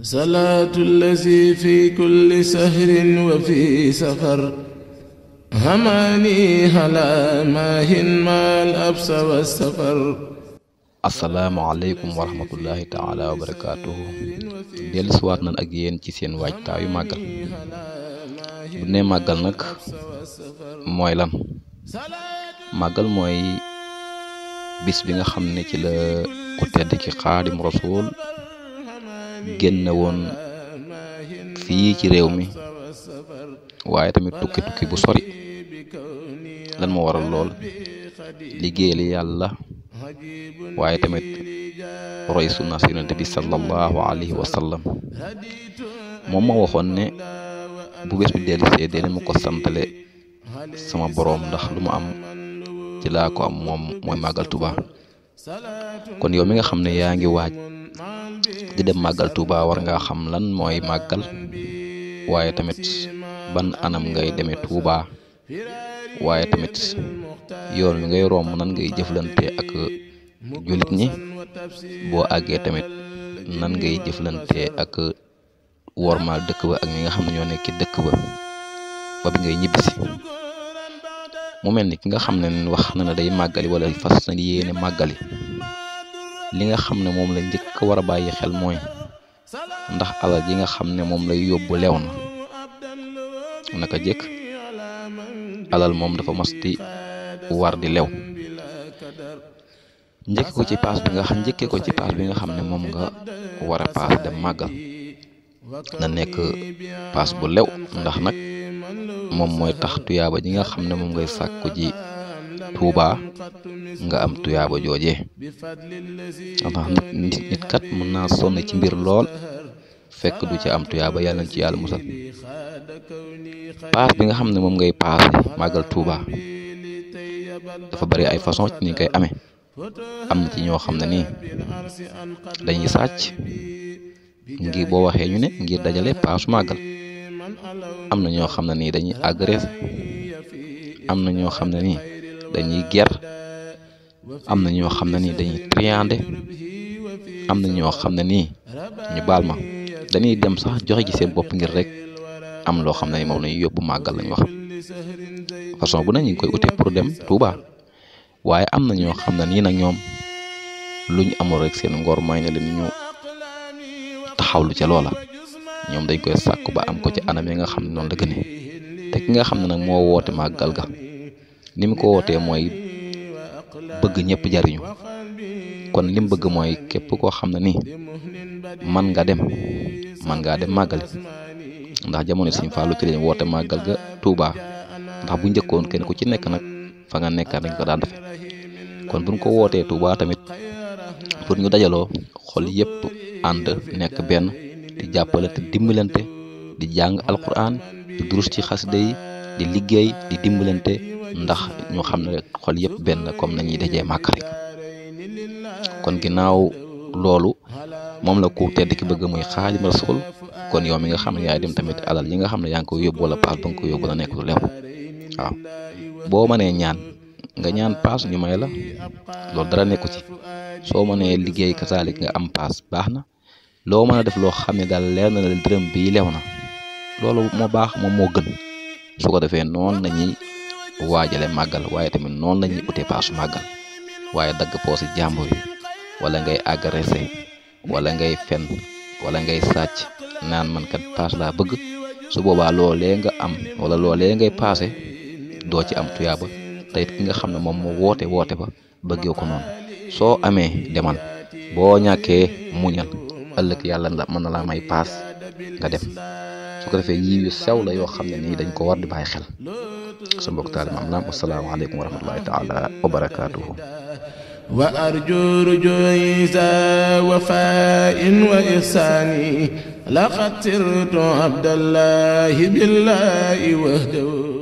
صلاة الذي في كل سهر وفي سفر هماني هلا ما هن ما الأبس والسفر السلام عليكم ورحمة الله تعالى وبركاته ديال سوار نان أجيان كيسين واج تاوي بني ماغل نك موي ماغل موي بس بينا خمني كلا قتادك قادم رسول génn woon fii ci réew mi waaye tamit tukki tukki bu sori lan moo waral lool liggéeyal yàlla waaye tamit roy sunna si yonente bi sallallahu alayhi wa moom ma waxoon ne bu bés bi dellisee dee ma ko santale sama boroom ndax lu ma am ci laa ko am moom mooy màggal Tuubaa kon yow mi nga xam ne yaa ngi waaj di dem magal tuba war nga xam lan moy magal waye tamit ban anam ngay demé tuba waye tamit yoon wi ngay rom nan ngay jëflanté ak julit ñi bo àggee tamit nan ngay jëflanté ak wormal dëkk ba ak ñi nga xam ñoo nekk dëkk ba ba bi ngay ñibisi mu melni ki nga xam ne wax na ne day magali wala fas na yéene magali li nga xam ne moom la njëkk war a bàyyi xel mooy ndax alal ji nga xam ne moom lay yóbbu leew na naka jëkk alal moom dafa mas di war di lew njëkke ko ci paas bi nga xam njëkkee ko ci paas bi nga xam ne moom nga war a paas dem màggal na nekk paas bu lew ndax nag moom mooy tax tuyaaba ji nga xam ne moom ngay sàkk ko ji tuuba nga am tuyaaba jooje ndax nit nit kat mën naa sonn ci mbir lool fekk du ca am tuyaaba yàlla ci yàlla musal paas bi nga xam ne moom ngay paase màggal tuuba dafa bari ay façon ci ni koy amee am na ci ñoo xam ne nii dañuy sàcc ngir boo waxee ñu ne ngir dajale paasu màggal am na ñoo xam ne nii dañuy agressé am na ñoo xam ne nii dañuy ger am na ñoo xam ne nii dañuy triande am na ñoo xam ne nii ñu baal ma dañuy dem sax joxe ji seen bopp ngir rek am loo xam ne moom lañuy yóbbu màggal lañ wax façon bu ñu koy ute pour Touba waaye am na ñoo xam ne nii nag ñoom luñ amul rek seen ngor may na leen ñu taxawlu ca loola ñoom dañ koy sàkk ba am ko ci anam yi nga xam ne noonu la gënee te ki nga xam ne nag moo woote màggal ga nim ko wote mooy bëgg ñëpp jariñu kon lim bëgg mooy képp koo xam ni man nga dem man ngaa dem màggali ndax jamono Sëñ Fallou ci wote magal màggal ga Touba ndax bu njëkkoon kenn ku ci nekk nag fa nga nekkaat dañ ko daan defe kon buñ ko wootee Touba tamit pour ñu dajaloo xol yëpp ànd ben benn di jàppale te dimbalante di jang alquran di durus ci xasida di liggey di dimbalante ndax ñu xam ne xol yëpp benn comme nañuy dajee màkk rek kon ginnaaw loolu moom la ku tedd ki bëgg muy xaadim rasul kon yow mi nga xam ne yaay dem tamit alal yi nga xam ne yaa ngi ko yóbbu wala paas ba nga ko yóbbu la nekk lu lew waaw boo mënee ñaan nga ñaan paas ñu may la loolu dara nekku ci soo mënee liggéey kasaalik nga am paas baax na loo mën a def loo xam ne daal leer na la dërëm bii lew na loolu moo baax moom moo gën su ko defee noonu lañuy waajale màggal waaye tamit noon la ñuy utee paasu màggal waaye dagg poosi jàmbur yi wala ngay agressé wala ngay fen wala ngay sàcc naan mankat kat paas laa bëgg su boobaa loolee nga am wala loolee ngay paase doo ci am tuyaaba te ki nga xam ne moom moo woote woote ba bëggee ko noonu soo amee demal boo ñàkkee muñal ëllëg yàlla la mën na laa may paas nga dem su ko defee yiw sew la yoo xam ne nii dañ ko war di bàyyi xel. والسلام عليكم ورحمة الله تعالى وبركاته وأرجو رجوعي ذا وفاء وإحساني لقد سرت عبد الله بالله وحده